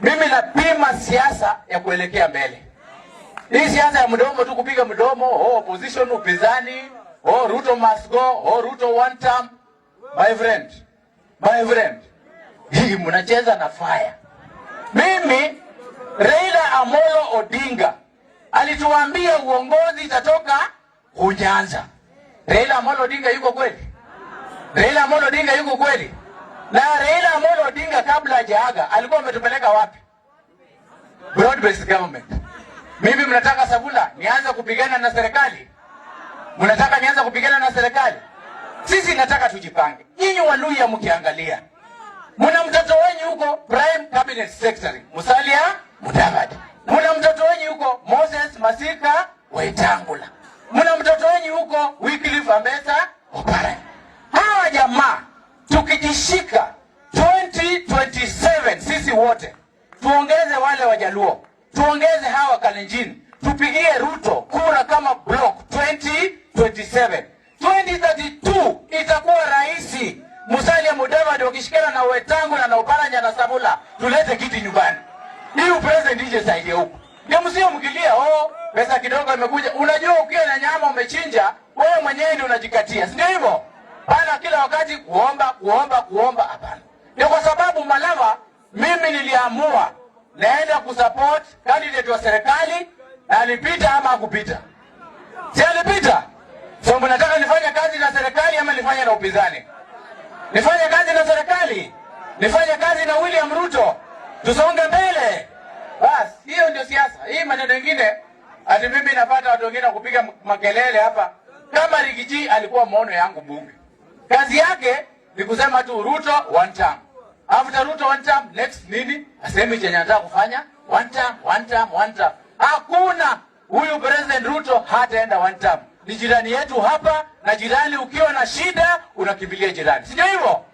Mimi napima siasa ya kuelekea mbele. Hii siasa ya mdomo tu kupiga mdomo, oh opposition upinzani, oh Ruto must go, oh Ruto one term. My friend. My friend. Hii mnacheza na fire. Mimi Raila Amolo Odinga alituambia uongozi itatoka hujaanza. Raila Amolo Odinga yuko kweli? Raila Amolo Odinga yuko kweli? Na Raila Amolo Odinga hajaaga alikuwa ametupeleka wapi? Broad based government. Mimi mnataka Sabula nianze kupigana na serikali? Mnataka nianze kupigana na serikali? Sisi nataka tujipange. Nyinyi Waluya mkiangalia, muna mtoto wenyu huko Prime Cabinet Secretary Musalia Mudavadi, muna mtoto wenyu huko Moses Masika Wetangula, muna mtoto wenyu huko Wycliffe Ambassa Oparanya. Hawa jamaa tukijishika wote, tuongeze wale Wajaluo, tuongeze hawa Kalenjin, tupigie Ruto kura kama block 2027. 2032 itakuwa rahisi. Musalia Mudavadi wakishikana na Wetangu na Naoparanya na Sabula, tulete kiti nyumbani. Ni upeze ndije saidie huko. Ndio msio mkilia, oh, pesa kidogo imekuja. Unajua ukiwa na nyama umechinja, wewe mwenyewe ndio unajikatia. Ndio hivyo. Bana kila wakati kuomba, kuomba, kuomba hapana. Ndio kwa sababu Malava mimi niliamua naenda kusupport candidate wa serikali, na alipita ama hakupita? Si alipita? So mnataka nifanye kazi na serikali ama nifanye na upinzani? Nifanye kazi na serikali, nifanye kazi na William Ruto, tusonge mbele. Bas, hiyo ndio siasa. Hii maneno mengine ati mimi napata watu wengine kupiga makelele hapa. Kama Rigiji alikuwa maono yangu bunge, kazi yake ni kusema tu Ruto one time. After Ruto one term, next nini? Asemi chenye anataka kufanya one term, one term, one term. Hakuna huyu President Ruto hataenda one term. Ni jirani yetu hapa, na jirani ukiwa na shida unakimbilia jirani, sijo hivo hivyo?